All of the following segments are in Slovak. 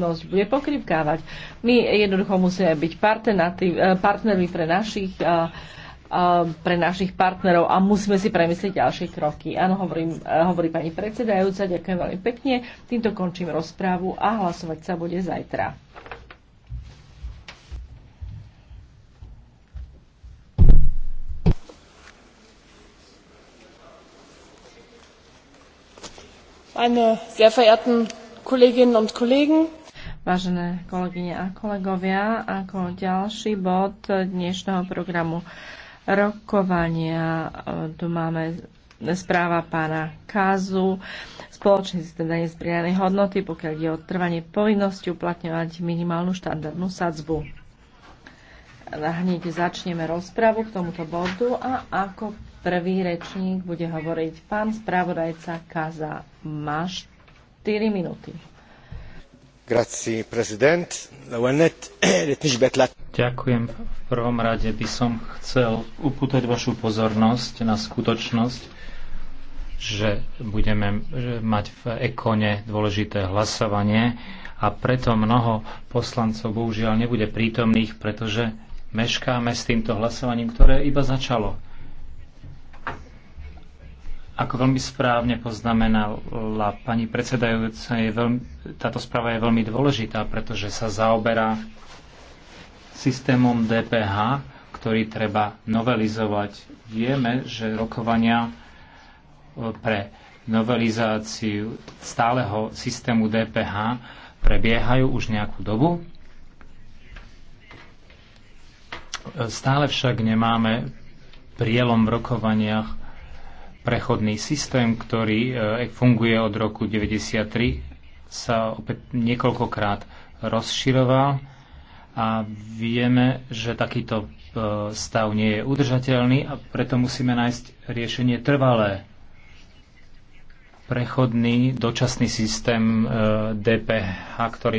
transparentnosť bude pokrivkávať. My jednoducho musíme byť eh, partnermi pre našich eh, eh, pre našich partnerov a musíme si premyslieť ďalšie kroky. Áno, hovorím, hovorí pani predsedajúca, ďakujem veľmi pekne. Týmto končím rozprávu a hlasovať sa bude zajtra. meine sehr verehrten kolleginnen und kollegen! vážené kolegyne a kolegovia, ako ďalší bod dnešného programu rokovania e, tu máme správa pána Kazu, spoločný systém teda nezbrianej hodnoty, pokiaľ je o trvanie povinnosti uplatňovať minimálnu štandardnú sadzbu. Hneď začneme rozpravu k tomuto bodu a ako prvý rečník bude hovoriť pán spravodajca Kaza. Máš 4 minúty. Eh, Ďakujem. V prvom rade by som chcel upútať vašu pozornosť na skutočnosť, že budeme mať v ekone dôležité hlasovanie a preto mnoho poslancov bohužiaľ nebude prítomných, pretože meškáme s týmto hlasovaním, ktoré iba začalo. Ako veľmi správne poznamenala pani predsedajúca, je veľmi, táto správa je veľmi dôležitá, pretože sa zaoberá systémom DPH, ktorý treba novelizovať. Vieme, že rokovania e, pre novelizáciu stáleho systému DPH prebiehajú už nejakú dobu. E, stále však nemáme prielom v rokovaniach prechodný systém, ktorý e, funguje od roku 1993, sa opäť niekoľkokrát rozširoval a vieme, že takýto e, stav nie je udržateľný a preto musíme nájsť riešenie trvalé. Prechodný dočasný systém e, DPH, ktorý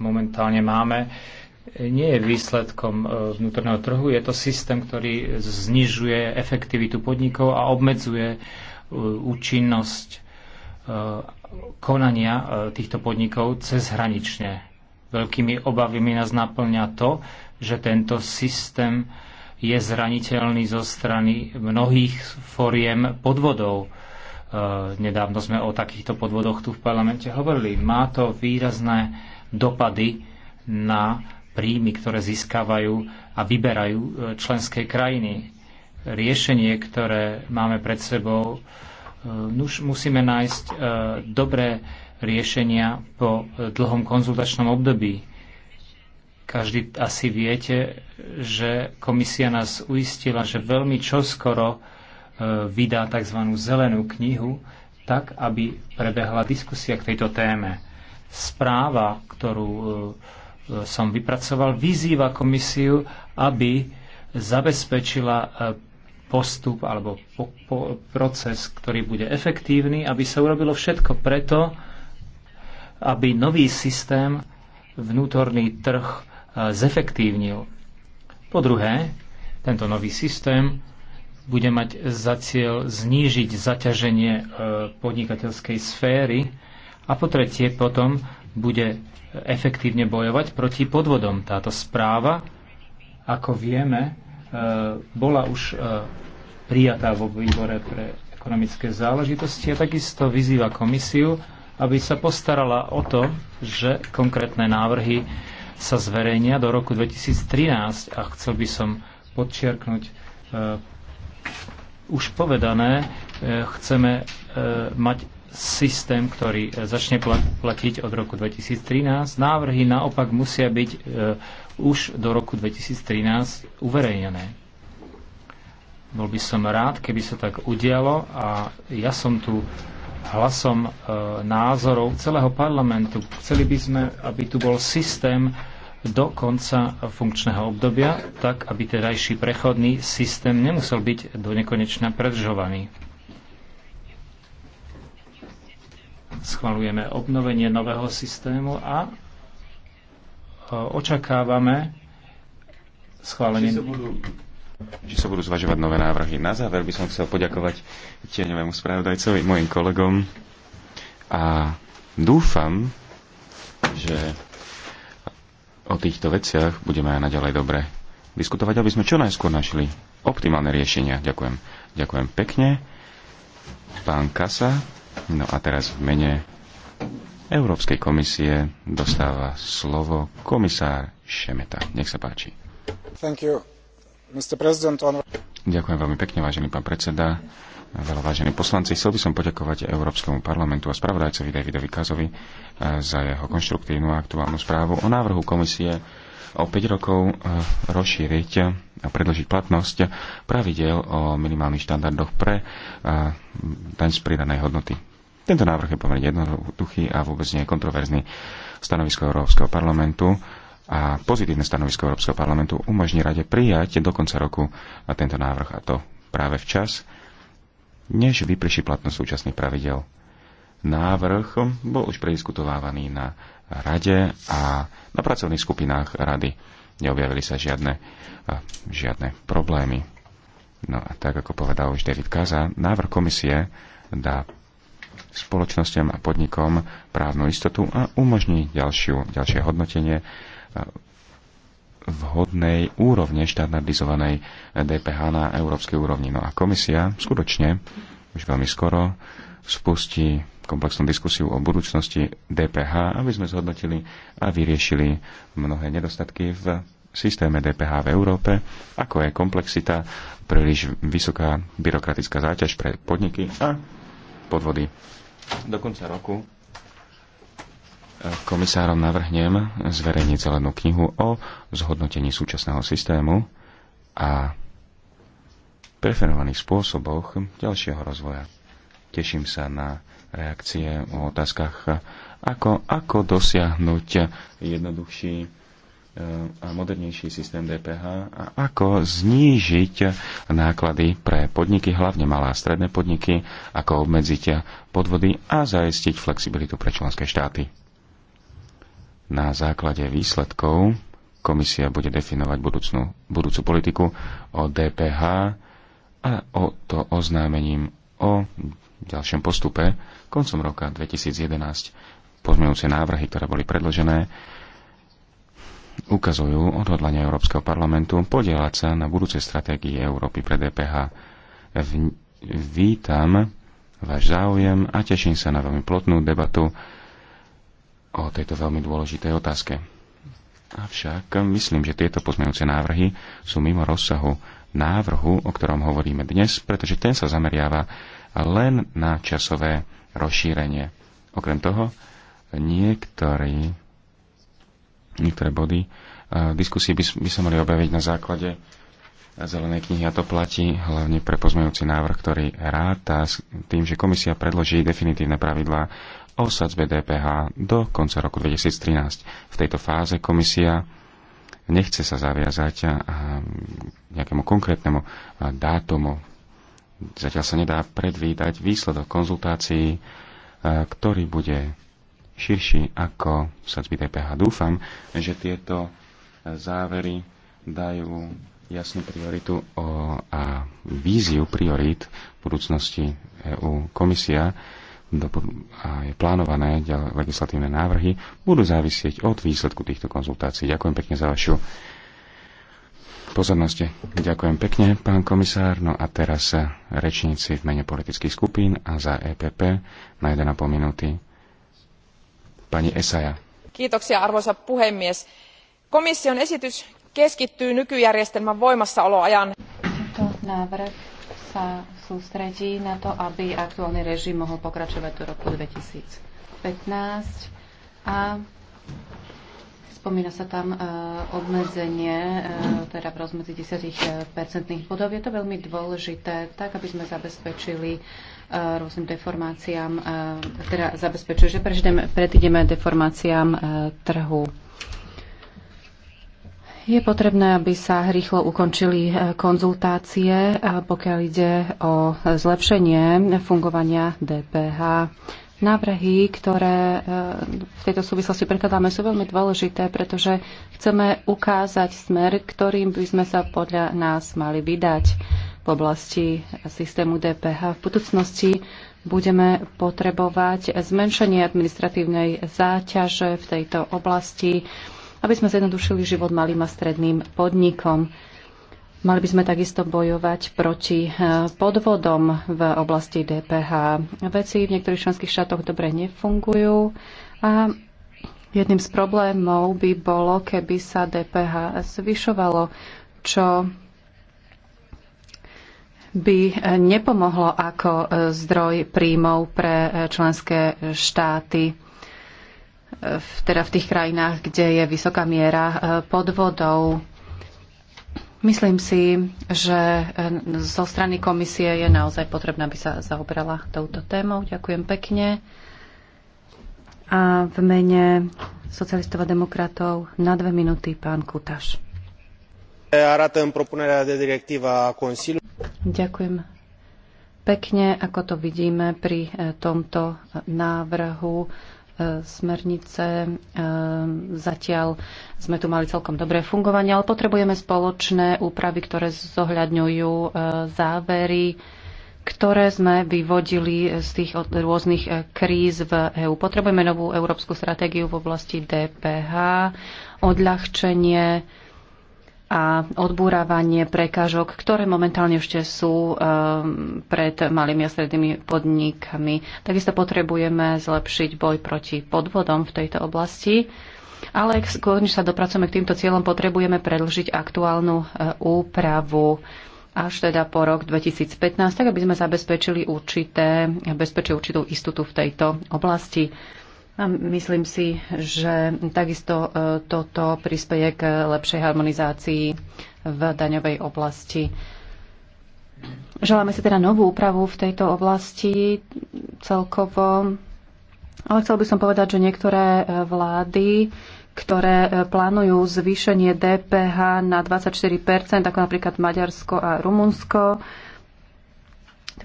momentálne máme, nie je výsledkom e, vnútorného trhu, je to systém, ktorý znižuje efektivitu podnikov a obmedzuje e, účinnosť e, konania týchto podnikov cezhranične. Veľkými obavami nás naplňa to, že tento systém je zraniteľný zo strany mnohých foriem podvodov. Nedávno sme o takýchto podvodoch tu v parlamente hovorili. Má to výrazné dopady na príjmy, ktoré získavajú a vyberajú e, členské krajiny. Riešenie, ktoré máme pred sebou, e, už musíme nájsť e, dobré riešenia po dlhom konzultačnom období. Každý asi viete, že komisia nás uistila, že veľmi čoskoro vydá tzv. zelenú knihu, tak aby prebehla diskusia k tejto téme. Správa, ktorú som vypracoval, vyzýva komisiu, aby zabezpečila e, postup alebo po, po, proces, ktorý bude efektívny, aby sa urobilo všetko preto, aby nový systém vnútorný trh e, zefektívnil. Po druhé, tento nový systém bude mať za cieľ znížiť zaťaženie e, podnikateľskej sféry a po tretie potom bude efektívne bojovať proti podvodom. Táto správa, ako vieme, e, bola už e, prijatá vo výbore pre ekonomické záležitosti a takisto vyzýva komisiu, aby sa postarala o to, že konkrétne návrhy sa zverejnia do roku 2013 a chcel by som podčiarknúť e, už povedané, chceme mať systém, ktorý e, začne platiť od roku 2013. Návrhy naopak musia byť e, už do roku 2013 uverejnené. Bol by som rád, keby sa tak udialo a ja som tu hlasom e, názorov celého parlamentu. Chceli by sme, aby tu bol systém do konca funkčného obdobia, tak aby terajší prechodný systém nemusel byť do nekonečna predržovaný. schvalujeme obnovenie nového systému a e, očakávame schválenie. Či sa, budú, či sa budú zvažovať nové návrhy. Na záver by som chcel poďakovať tieňovému spravodajcovi, mojim kolegom a dúfam, že o týchto veciach budeme aj naďalej dobre diskutovať, aby sme čo najskôr našli optimálne riešenia. Ďakujem. Ďakujem pekne. Pán Kasa. No a teraz v mene Európskej komisie dostáva slovo komisár Šemeta. Nech sa páči. Thank you, Mr. President. On... Ďakujem veľmi pekne, vážený pán predseda. Veľa vážení poslanci, chcel by som poďakovať Európskemu parlamentu a spravodajcovi Davidovi Kazovi eh, za jeho konštruktívnu a aktuálnu správu o návrhu komisie o 5 rokov eh, rozšíriť a predložiť platnosť pravidel o minimálnych štandardoch pre eh, daň z pridanej hodnoty tento návrh je pomerne jednoduchý a vôbec nie je kontroverzný. Stanovisko Európskeho parlamentu a pozitívne stanovisko Európskeho parlamentu umožní rade prijať do konca roku na tento návrh a to práve včas, než vyprší platnosť súčasných pravidel. Návrh bol už prediskutovávaný na rade a na pracovných skupinách rady. Neobjavili sa žiadne, žiadne problémy. No a tak, ako povedal už David Kaza, návrh komisie dá spoločnosťam a podnikom právnu istotu a umožní ďalšiu, ďalšie hodnotenie e, vhodnej úrovne štandardizovanej DPH na európskej úrovni. No a komisia skutočne už veľmi skoro spustí komplexnú diskusiu o budúcnosti DPH, aby sme zhodnotili a vyriešili mnohé nedostatky v systéme DPH v Európe, ako je komplexita, príliš vysoká byrokratická záťaž pre podniky a podvody. Do konca roku komisárom navrhnem zverejniť zelenú knihu o zhodnotení súčasného systému a preferovaných spôsoboch ďalšieho rozvoja. Teším sa na reakcie o otázkach, ako, ako dosiahnuť jednoduchší Eh, a modernejší systém DPH a ako znížiť náklady pre podniky, hlavne malé a stredné podniky, ako obmedziť podvody a zajistiť flexibilitu pre členské štáty. Na základe výsledkov komisia bude definovať budúcnú, budúcu politiku o DPH a o to oznámením o ďalšom postupe koncom roka 2011. pozmeňujúce návrhy, ktoré boli predložené, ukazujú odhodlanie Európskeho parlamentu podielať sa na budúcej stratégii Európy pre DPH. V, vítam váš záujem a teším sa na veľmi plotnú debatu o tejto veľmi dôležitej otázke. Avšak myslím, že tieto pozmeňujúce návrhy sú mimo rozsahu návrhu, o ktorom hovoríme dnes, pretože ten sa zameriava len na časové rozšírenie. Okrem toho, niektorí niektoré body diskusie by, by sa mali objaviť na základe zelenej knihy a to platí hlavne pre pozmejúci návrh, ktorý ráta s tým, že komisia predloží definitívne pravidlá o sadzbe DPH do konca roku 2013. V tejto fáze komisia nechce sa zaviazať a nejakému konkrétnemu dátumu. Zatiaľ sa nedá predvídať výsledok konzultácií, ktorý bude širší ako sadzby DPH. Dúfam, že tieto e, závery dajú jasnú prioritu o, a víziu priorít budúcnosti EU komisia do, a je plánované legislatívne návrhy budú závisieť od výsledku týchto konzultácií. Ďakujem pekne za vašu pozornosť. Ďakujem pekne, pán komisár. No a teraz e, rečníci v mene politických skupín a za EPP na 1,5 minúty arvoisa puhemies. Komission esitys keskittyy nykyjärjestelmän voimassaoloajan. Tento návrh sa na to, aby aktuálny režim mohol pokračovať roku a spomína sa tam e, obmedzenie, e, teda v rozmedzi 10 percentných bodov. Je to veľmi dôležité, tak aby sme zabezpečili rôznym deformáciám, teda zabezpečuje, že predideme deformáciám e, trhu. Je potrebné, aby sa rýchlo ukončili e, konzultácie, pokiaľ ide o zlepšenie fungovania DPH. Návrhy, ktoré e, v tejto súvislosti prekladáme, sú veľmi dôležité, pretože chceme ukázať smer, ktorým by sme sa podľa nás mali vydať v oblasti systému DPH. V budúcnosti budeme potrebovať zmenšenie administratívnej záťaže v tejto oblasti, aby sme zjednodušili život malým a stredným podnikom. Mali by sme takisto bojovať proti eh, podvodom v oblasti DPH. Veci v niektorých členských štátoch dobre nefungujú a jedným z problémov by bolo, keby sa DPH zvyšovalo, čo by eh, nepomohlo ako eh, zdroj príjmov pre eh, členské štáty v, teda v tých krajinách, kde je vysoká miera podvodov. Myslím si, že zo strany komisie je naozaj potrebné, aby sa zaoberala touto témou. Ďakujem pekne. A v mene socialistov a demokratov na dve minúty pán Kutaš arată în propunerea de directivă a Consiliului. Ďakujem pekne, ako to vidíme pri e, tomto návrhu e, smernice. E, zatiaľ sme tu mali celkom dobré fungovanie, ale potrebujeme spoločné úpravy, ktoré zohľadňujú závery ktoré sme vyvodili z tých rôznych kríz v EÚ. Potrebujeme novú európsku stratégiu v oblasti DPH, odľahčenie a odbúravanie prekážok, ktoré momentálne ešte sú um, pred malými a strednými podnikmi. Takisto potrebujeme zlepšiť boj proti podvodom v tejto oblasti. Ale skôr, než sa dopracujeme k týmto cieľom, potrebujeme predlžiť aktuálnu uh, úpravu až teda po rok 2015, tak aby sme zabezpečili určité, bezpečie určitú istotu v tejto oblasti. Myslím si, že takisto e, toto prispieje k lepšej harmonizácii v daňovej oblasti. Želáme si teda novú úpravu v tejto oblasti celkovo, ale chcel by som povedať, že niektoré e, vlády, ktoré e, plánujú zvýšenie DPH na 24 ako napríklad Maďarsko a Rumunsko,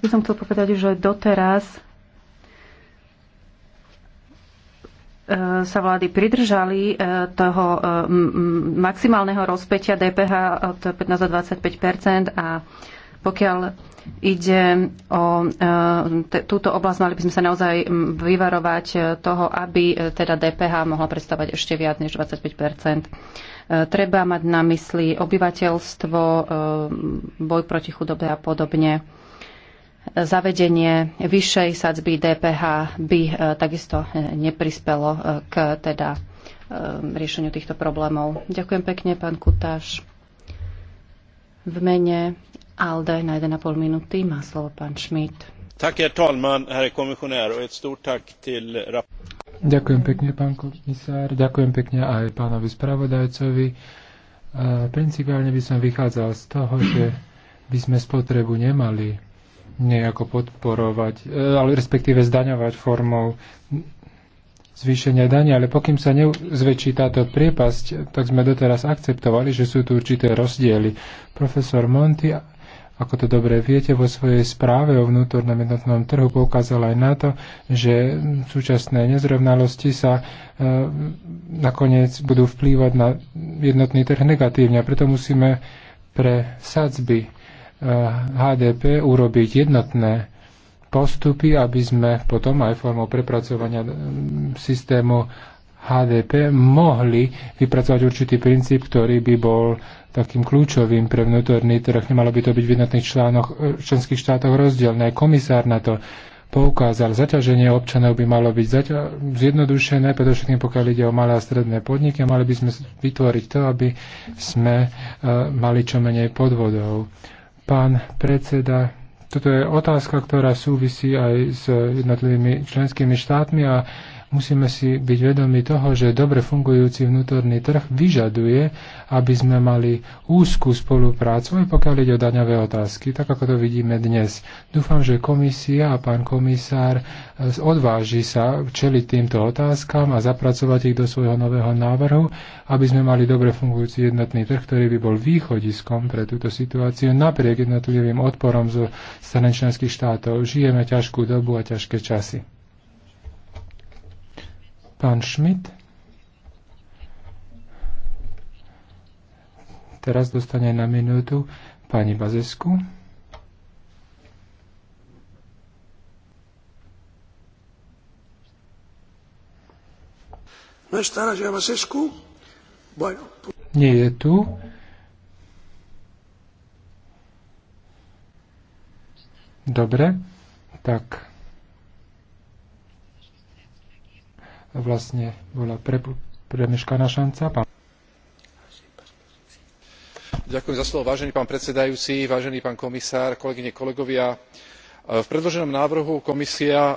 tak by som chcel povedať, že doteraz E, sa vlády pridržali e, toho e, maximálneho rozpeťa DPH od 15 do 25 a pokiaľ ide o túto oblasť, mali by sme sa naozaj vyvarovať toho, aby teda DPH mohla predstavať ešte viac než 25 Treba mať na mysli obyvateľstvo, boj proti chudobe a podobne zavedenie vyššej sadzby DPH by e, takisto e, neprispelo e, k teda riešeniu týchto problémov. Ďakujem pekne, pán Kutáš. V mene ALDE na 1,5 minúty má slovo pán Schmidt. Ďakujem pekne, pán komisár. Ďakujem pekne aj pánovi spravodajcovi. Principiálne by som vychádzal z toho, že by sme spotrebu nemali nejako podporovať, e, ale respektíve zdaňovať formou zvýšenia daní, ale pokým sa nezväčší táto priepasť, tak sme doteraz akceptovali, že sú tu určité rozdiely. Profesor Monty, ako to dobre viete, vo svojej správe o vnútornom jednotnom trhu poukázal aj na to, že súčasné nezrovnalosti sa e, nakoniec budú vplývať na jednotný trh negatívne a preto musíme pre sadzby HDP urobiť jednotné postupy, aby sme potom aj formou prepracovania mm, systému HDP mohli vypracovať určitý princíp, ktorý by bol takým kľúčovým pre vnútorný trh. Nemalo by to byť v jednotných článoch, e, členských štátoch rozdielne. Komisár na to poukázal, zaťaženie občanov by malo byť zaťa- zjednodušené, predovšetkým pokiaľ ide o malé a stredné podniky, mali by sme vytvoriť to, aby sme e, mali čo menej podvodov pán predseda. Toto je otázka, ktorá súvisí aj s jednotlivými členskými štátmi a Musíme si byť vedomi toho, že dobre fungujúci vnútorný trh vyžaduje, aby sme mali úzkú spoluprácu, aj pokiaľ ide o daňové otázky, tak ako to vidíme dnes. Dúfam, že komisia a pán komisár eh, odváži sa čeliť týmto otázkam a zapracovať ich do svojho nového návrhu, aby sme mali dobre fungujúci jednotný trh, ktorý by bol východiskom pre túto situáciu napriek jednotlivým odporom zo strany členských štátov. Žijeme ťažkú dobu a ťažké časy. Pán Schmidt. Teraz dostane na minútu pani Bazesku. No está la señora Bazesku? Bueno. Nie je tu. Dobre, tak vlastne bola pre, premeškaná šanca. Pán... Ďakujem za slovo, vážený pán predsedajúci, vážený pán komisár, kolegyne, kolegovia. V predloženom návrhu komisia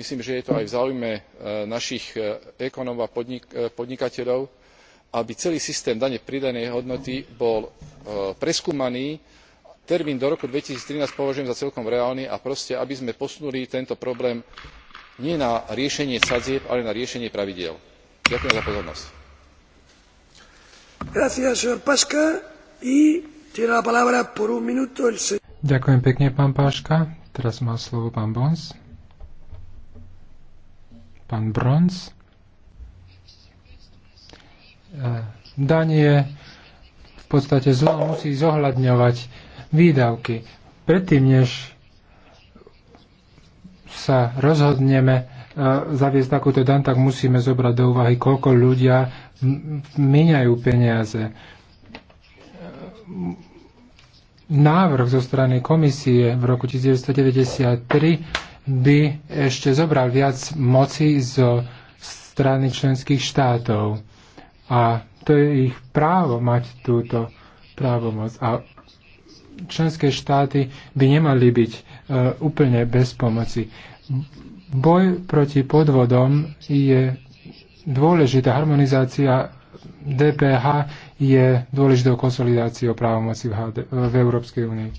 myslím že je to aj v záujme e, našich e, ekonómov a e, podnikateľov aby celý systém dane z pridanej hodnoty bol preskúmaný termín do roku two thousand and thirteen považujem za celkom reálny a proste aby sme posunuli tento problém nie na riešenie sadzieb ale na riešenie pravidiel. ďakujem za pozornosť. ďakujem pekne pán páška. teraz má slovo pán pán Bronz. E, Danie v podstate zlo musí zohľadňovať výdavky. Predtým, než sa rozhodneme e, zaviesť takúto dan, tak musíme zobrať do úvahy, koľko ľudia miňajú peniaze. E, návrh zo strany komisie v roku 1993 by ešte zobral viac moci zo strany členských štátov. A to je ich právo mať túto právomoc. A členské štáty by nemali byť e, úplne bez pomoci. Boj proti podvodom je dôležitá. Harmonizácia DPH je dôležitou konsolidáciou právomoci v, HD, v Európskej únii.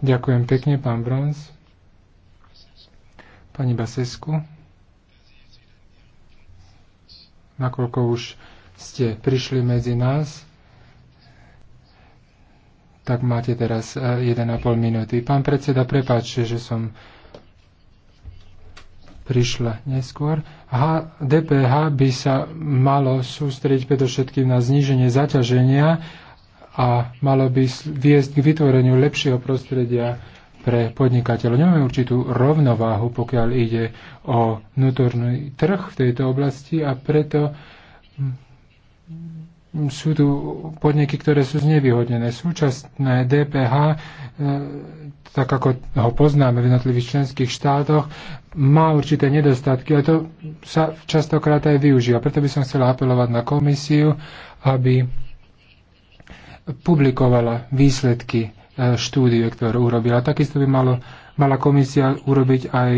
Ďakujem pekne, pán Bronz. Pani Basesku, nakoľko už ste prišli medzi nás, tak máte teraz 1,5 e, minúty. Pán predseda, prepáčte, že som prišla neskôr. H, DPH by sa malo sústrediť predovšetkým na zníženie zaťaženia a malo by viesť k vytvoreniu lepšieho prostredia pre podnikateľov. Nemáme určitú rovnováhu, pokiaľ ide o vnútorný trh v tejto oblasti a preto mm, sú tu podniky, ktoré sú znevýhodnené. Súčasné DPH, e, tak ako ho poznáme v jednotlivých členských štátoch, má určité nedostatky a to sa častokrát aj využíva. Preto by som chcel apelovať na komisiu, aby publikovala výsledky e, štúdie, ktoré urobila. Takisto by malo, mala komisia urobiť aj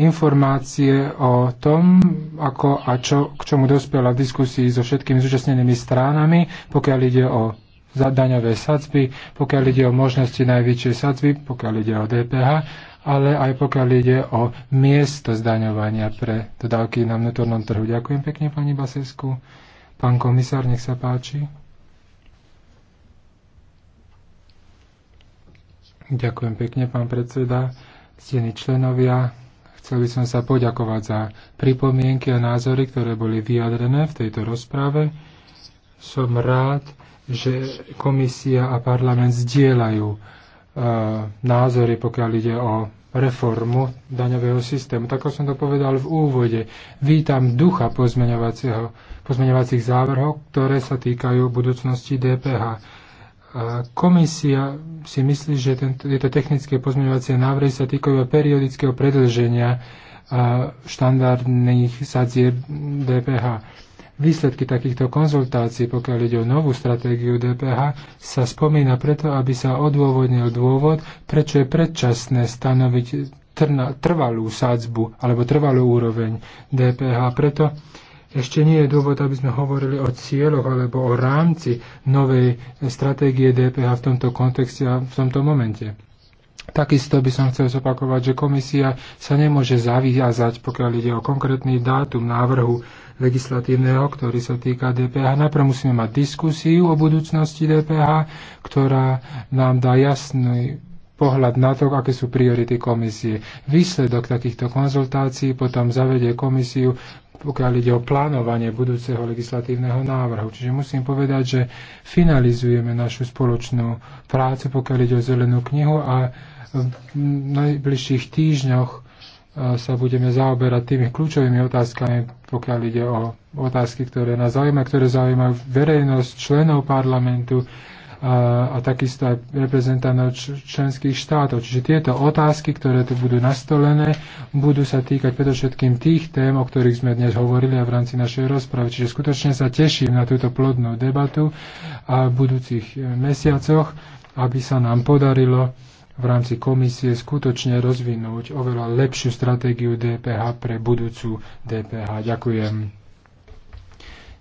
informácie o tom, ako a čo, k čomu dospela v diskusii so všetkými zúčastnenými stránami, pokiaľ ide o daňové sadzby, pokiaľ ide o možnosti najväčšej sadzby, pokiaľ ide o DPH, ale aj pokiaľ ide o miesto zdaňovania pre dodávky na vnútornom trhu. Ďakujem pekne, pani Basesku. Pán komisár, nech sa páči. Ďakujem pekne, pán predseda, ctení členovia. Chcel by som sa poďakovať za pripomienky a názory, ktoré boli vyjadrené v tejto rozprave. Som rád, že komisia a parlament zdieľajú e, názory, pokiaľ ide o reformu daňového systému. Tak som to povedal v úvode. Vítam ducha pozmeňovacích závrhov, ktoré sa týkajú budúcnosti DPH. Komisia si myslí, že tento, tieto technické pozmeňovacie návrhy sa týkajú periodického predlženia štandardných sadzier DPH. Výsledky takýchto konzultácií, pokiaľ ide o novú stratégiu DPH, sa spomína preto, aby sa odôvodnil dôvod, prečo je predčasné stanoviť trvalú sadzbu alebo trvalú úroveň DPH. Preto ešte nie je dôvod, aby sme hovorili o cieľoch alebo o rámci novej stratégie DPH v tomto kontexte a v tomto momente. Takisto by som chcel zopakovať, že komisia sa nemôže zaviazať, pokiaľ ide o konkrétny dátum návrhu legislatívneho, ktorý sa týka DPH. Najprv musíme mať diskusiu o budúcnosti DPH, ktorá nám dá jasný pohľad na to, aké sú priority komisie. Výsledok takýchto konzultácií potom zavedie komisiu pokiaľ ide o plánovanie budúceho legislatívneho návrhu. Čiže musím povedať, že finalizujeme našu spoločnú prácu, pokiaľ ide o zelenú knihu a v najbližších týždňoch e, sa budeme zaoberať tými kľúčovými otázkami, pokiaľ ide o otázky, ktoré nás zaujímajú, ktoré zaujímajú verejnosť, členov parlamentu, a takisto aj reprezentantov členských štátov. Čiže tieto otázky, ktoré tu budú nastolené, budú sa týkať predovšetkým tých tém, o ktorých sme dnes hovorili a v rámci našej rozpravy. Čiže skutočne sa teším na túto plodnú debatu a v budúcich mesiacoch, aby sa nám podarilo v rámci komisie skutočne rozvinúť oveľa lepšiu stratégiu DPH pre budúcu DPH. Ďakujem.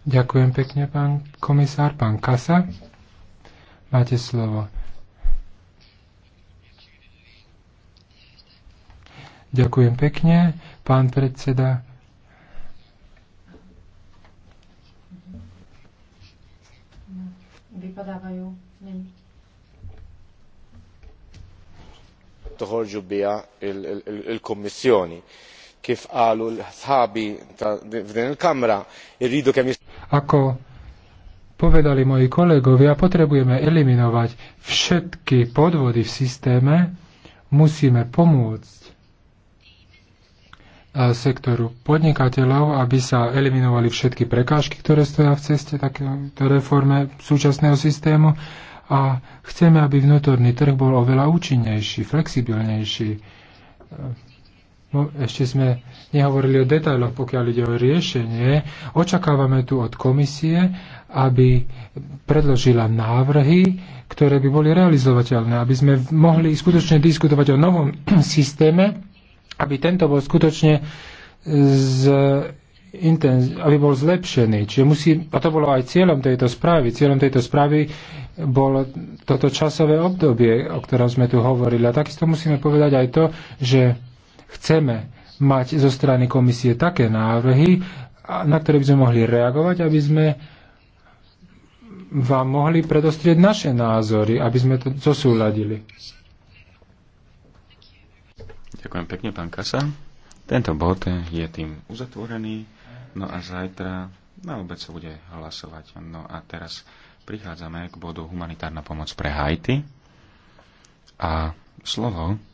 Ďakujem pekne, pán komisár, pán Kasa. Máte slovo. Ďakujem pekne, pán predseda. Vypadávajú. تخرج بها الكوميسيوني كيف قالوا اصحابي f'din il-kamra irridu kemm Ako povedali moji kolegovia, potrebujeme eliminovať všetky podvody v systéme, musíme pomôcť eh, sektoru podnikateľov, aby sa eliminovali všetky prekážky, ktoré stoja v ceste takéto reforme súčasného systému a chceme, aby vnútorný trh bol oveľa účinnejší, flexibilnejší. Eh, no, ešte sme nehovorili o detailoch, pokiaľ ide o riešenie. Očakávame tu od komisie, aby predložila návrhy, ktoré by boli realizovateľné, aby sme mohli skutočne diskutovať o novom systéme, aby tento bol skutočne e, z, intenz, aby bol zlepšený. Čiže musí, a to bolo aj cieľom tejto správy. Cieľom tejto správy bolo toto časové obdobie, o ktorom sme tu hovorili. A takisto musíme povedať aj to, že chceme mať zo strany komisie také návrhy, na ktoré by sme mohli reagovať, aby sme vám mohli predostrieť naše názory, aby sme to zosúladili. Ďakujem pekne, pán Kasa. Tento bod je tým uzatvorený. No a zajtra na obec sa bude hlasovať. No a teraz prichádzame k bodu humanitárna pomoc pre Haiti. A slovo